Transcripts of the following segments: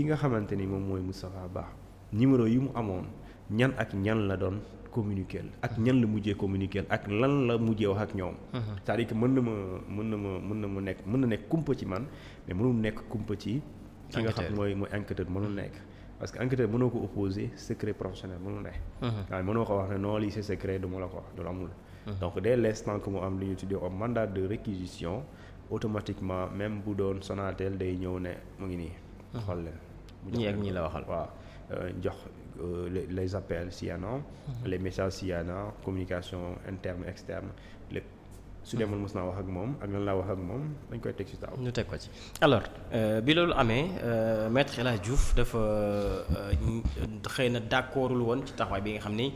ki nga xamante ni moom mooy Moustapha Ba numéro yi mu amoon ñan ak ñan la doon communiquer ak ñan la mujjee communiquer ak lan la mujjee wax ak ñoom. Mhm. c'est-à-dire mën na ma mën na ma mën na ma nekk mën na nekk kumpa ci man mais nekk kumpa ci. ki mooy mooy enquêteur mënul nekk. parce que enquêteur mënoo ko opposé secret professionnel mënul ne. Mhm. waaye mënoo ko wax ne non lii c'est secret du la ko wax du la amul. Mhm. donc dès l'instant que mu am li ñu tuddee au mandat de réquisition automatiquement même bu doon Sonatel day ñëw ne mu ngi ñii ak ñii la waxal waaw euh, jox euh, les appels s'il y en a mm-hmm. les messages s'il y communication interne externe lépp su dee man mos naa wax ak moom ak lan laa wax ak moom dañ koy teg ci taaw. ñu teg ko ci alors euh, bi loolu amee euh, maître El Hadj Diouf dafa euh, xëy na d'accordul woon ci taxawaay bi nga xam ni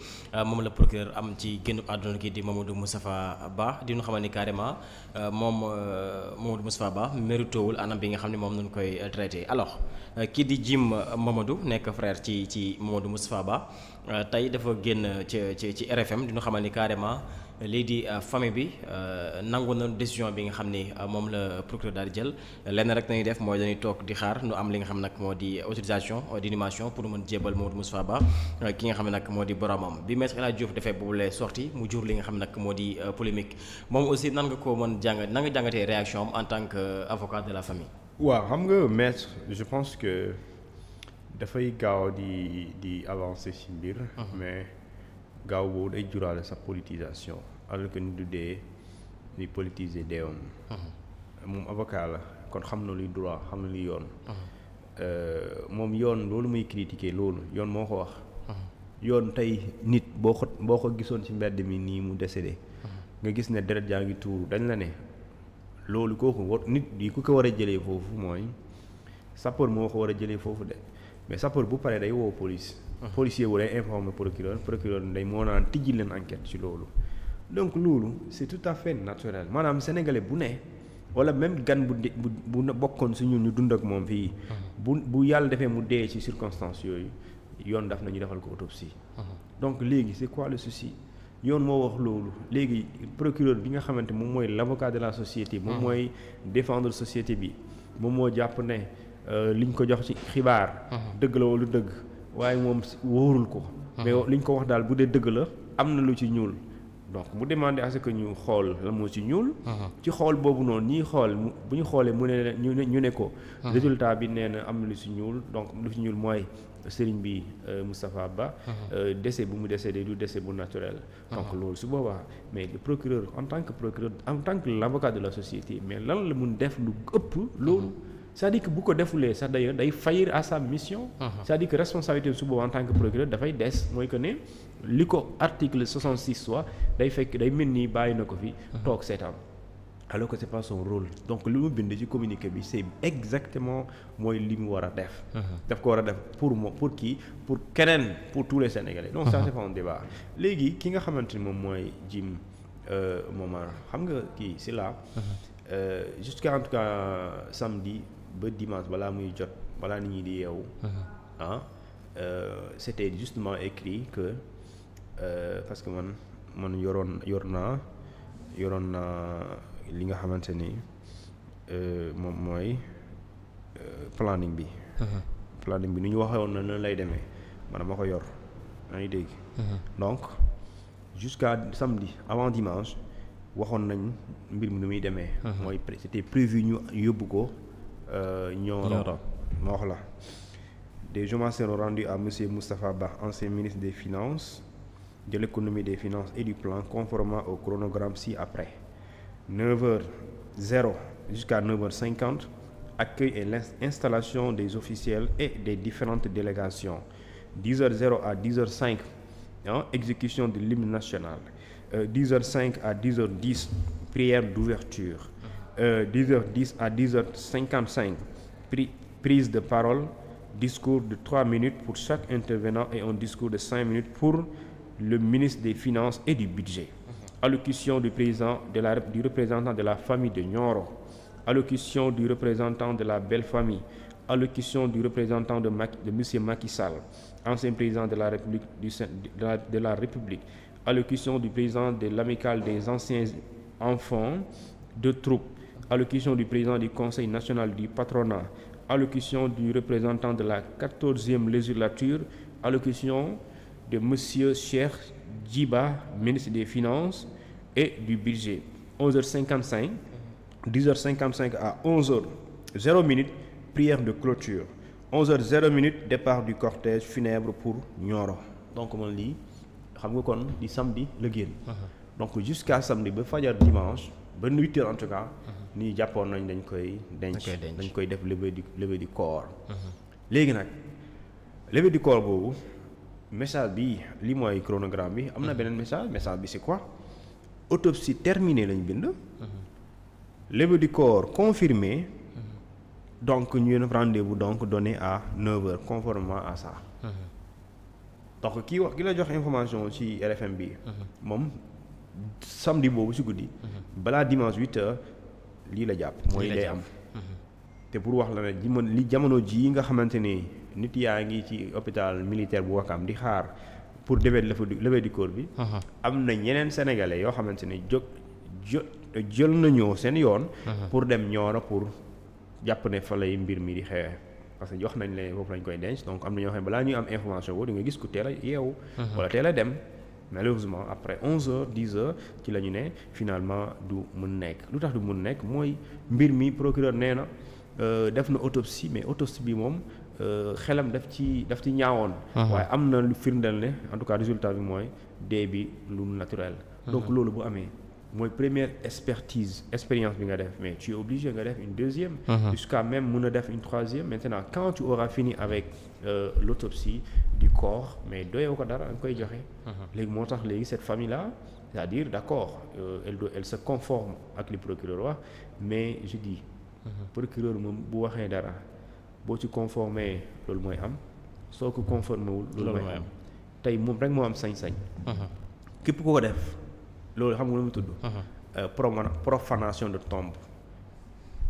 moom la procureur am ci génn àdduna kii di Mamadou Moustapha Ba di ñu xamal ni carrément moom Mamadou Moustapha Ba méritowul anam bi nga xam ne moom lañ koy traité alors kii di Jim Mamadou nekk frère ci ci Mamadou Moustapha Ba tey dafa génn ci ci ci RFM di ñu xamal ni carrément. lii di euh, famille bi euh, nangu na décision bi nga xam ni euh, moom la procureur daal di jël lenn rek nañuy def mooy dañuy toog di xaar nu am li nga xam nag moo di autorisation d'inhumation pour mën jébal Mamadou Moustapha Ba ki nga xam ne nag moo di boromam bi maître El Hadj Diouf defee boobu la sorti mu jur li nga xam nag moo di polémique moom aussi nan nga ko mën jàng nan nga jàngatee réaction am en tant que avocat de la famille. waaw xam nga maître je pense que dafay di di avancer ci mhm. gaaw boobu day jurale sa politisation alors que nit du dee ni politiser deewam mhm. moom avocat la kon xam na luy droit xam na lu yoon mhm. euh, moom yoon loolu muy critiquer loolu yoon moo ko wax mhm. yoon tey nit boo ko boo ko gisoon ci mbedd mi nii mu décédé nga gis ne deret jaa ngi tuuru dañ la ne loolu kooku war nit yi ku ko war a jëlee foofu mooy sapeur moo ko war a jëlee foofu de mais sapeur bu paree day woo police policier bu day informer procureur procureur day moo naan tijji leen enquête ci loolu donc loolu c'est tout à fait naturel maanaam sénégalais bu ne wala même gan bu bu bu bokkoon su ñun ñu dund ak moom fii bu bu yàlla defee mu dee ci circonstances yooyu yoon daf ñu defal ko autopsie donc léegi c'est quoi le yoon moo wax loolu léegi procureur bi nga xamante moom mooy l'avocat de la société moom mooy défendre société bi moom moo jàpp ne euh, liñ ko jox ci xibaar waaye moom wóorul ko. mais mhm. lu ñu ko wax daal bu dee dëgg la am na lu ci ñuul. donc mu demandé à ce que ñu xool la moo ci ñuul. Mhm. ci xool boobu noonu ñiy xool bu ñu xoolee mu ne ñu ne ñu ne ko. Mhm. résultat bi nee na am na lu ci ñuul donc lu ci ñuul mooy sëriñ bi euh, Moustapha Ba. Euh, décès bi mu de du décès bu naturel. donc loolu su boobaa mais le procureur en tant que procureur en tant que l'avocat de la société mais lan la mun def lu ëpp loolu. cest à bu ko defulee sax d'ailleurs day faillir à sa mission. Uh-huh. c'est-à-dire que responsabilité bi su boobu en tant procureur dafay des mooy que ne li ko article 66 soit day fekk day mel nii bàyyi na ko fi. Uh-huh. toog seetaan alors que c'est pas son rôle donc li mu bind ci communiqué bi c'est exactement mooy li mu war a def. Uh-huh. daf ko war a def pour moom pour kii pour keneen pour tous les Sénégalais. donc ça c'est pas un léegi ki nga xamante ni moom mooy Jim euh, Momar xam nga kii c'est la euh, jusqu'à en tout ba dimanche balaa muy jot balaa nit ñi di yeewu. Uh-huh. ah euh, c' était justement écrit que euh, parce que man man yoroon yor naa yoroon naa li nga xamante ni euh, moom mooy euh, planning bi. Uh-huh. planning bi nu ñu waxee na nan lay demee man ma ko yor maa ngi dégg. Uh-huh. donc jusqu'à samedi avant dimanche waxoon nañ mbir mi nu muy demee. mooy c'était prévu ñu yóbbu ko. Euh, Nioro ma wax la des hommages seront rendus à monsieur Moustapha Ba ancien ministre des finances de l'économie des finances et du plan conformément au chronogramme ci-après 9h00 jusqu'à 9h50 des officiels et des différentes délégations 10h00 à 10h05 hein, exécution de lime national euh, 10 h à 10h10 prière d'ouverture Euh, dix heures dix à dix heures cinquante cinq prix prise de parole discours de trois minutes pour chaque intervenant et un discours de cinq minutes pour le ministre des finances et du budget allocution du président de la représentant de la famille de Nioro allocution du représentant de la belle famille allocution du représentant de Mac, de monsieur Macky Sall ancien président de la République du de la, la République allocution du président de l'amicale des anciens enfants de troupe allocution du président du conseil national du patronat allocution du représentant de la quatorzième législature allocution de monsieur Cheikh jiba ministre des finances et du budget 11h55 10h55 à 11h 0 minute prière de clôture 11h0 minute départ du cortège funèbre pour Nioro donc man lii xam nga kon di samedi la génn uh-huh. donc jusqu'à samedi ba fajar dimanche ba 8h en nii jàppoon nañ dañ koy denc dañ koy def levée di levée di corps mhm. léegi nag levée du corps boobu message bi li mooy chronogramme bi am na mhm. beneen message message bi c'est quoi autopsie terminée lañ bind mhm. levée du corps confirmée donc ñu ne rendez-vous donc donné à 9 heures conformément à ça donc kii wax ki la jox information ci RFM bi moom samedi boobu si guddi balaa dimanche 8 lii la jàpp mooy day am mm-hmm. te pour wax la ne ji mën li jamono ji nga xamante ni nit yaa ngi ci hôpital militaire bu Wakam di xaar pour lever levée du corps bi mm-hmm. am na ñeneen sénégalais yoo xamante ne jo jóg jël nañoo seen yoon mm-hmm. pour dem Nioro pour jàpp ne fa lay mbir mi di xewee parce que jox nañ leen foofu lañ koy denc donc am na ñoo xam ne balaa ñuy am information boobu di nga gis ko teel a yeewu wala teel a dem malheureusement après 11 heures 10 heures ci la ñu ne finalement du mun nekk lu tax du mun nekk mooy mbir mi procureur nee na euh, def na autopsie mais autopsie bi moom euh, xelam daf ci daf ci ñaawoon. Uh-huh. waaye am na lu firndeel ne en tout cas résultat bi mooy dee bi lu naturel. Uh-huh. donc loolu bu amee. mooy première expertise expérience bi nga def mais tu es nga def une deuxième uh-huh. jusqu'à même mun a def une troisième maintenant quand tu auras fini avec euh, l'autopsie di corps mais doyoo ko dara nga koy joxe uh-huh. léegi moo tax léegi cette famille là c'est-à-dire d'accord euh, elle doit, elle conforme ak li procureur wax mais je dis uh-huh. procureur moom bu waxee dara boo ci conformé loolu mooy am soo ko conformé wul loolu mooy am tey moom rek moo am sañ-sañ képp ko ko loolu xam nga lu mu tudd. Uh-huh. Euh, profanation de tombe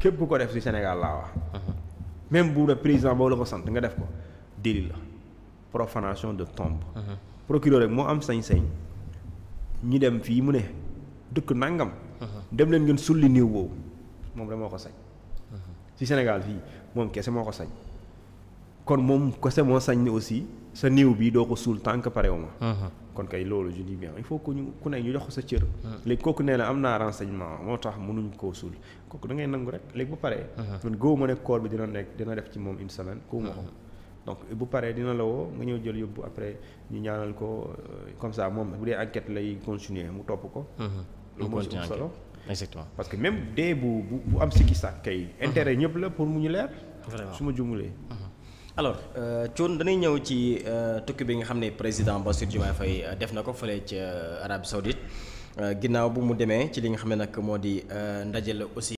képp ku ko def ci Sénégal laa wax. Uh-huh. même bu ne président boobu la ko sant nga def ko délit la profanation de tombe. Uh-huh. procureur rek moo am sañ-sañ ñi dem fii mu ne dëkk nangam. dem leen ngeen sulli néew boobu moom rek moo ko sañ. ci Sénégal fii moom kese moo ko sañ. kon moom kese moo sañ ne aussi sa néew bi doo ko suul tànk pare wu ma. kon kay loolu je dis bien il faut que ñu ku ne ñu jox sa cër. léegi kooku nee na am naa renseignement moo tax mënuñ koo suul kooku da ngay nangu rek léegi bu paree. Uh-huh. man góob ma ne koor bi dina def ci moom une semaine koo ma uh-huh. bu paree dina la woo nga ñëw jël yóbbu après ñu ñaanal ko euh, comme ça moom bu dee enquête lay continuer mu topp ko. lu moo ci solo exactement parce que même dee bu bu am sikki sàkk kay. Uh-huh. intérêt ñëpp la pour mu ñu leer. vraiment su ma jumulee. alors euh, Thion danuy ñëw ci euh, tukki bi nga xam ne président Bassirou Diomaye Faye euh, def na ko fële ca arab Saoudite ginnaaw bu mu demee ci li nga xam ne nag moo di ndajale aussi.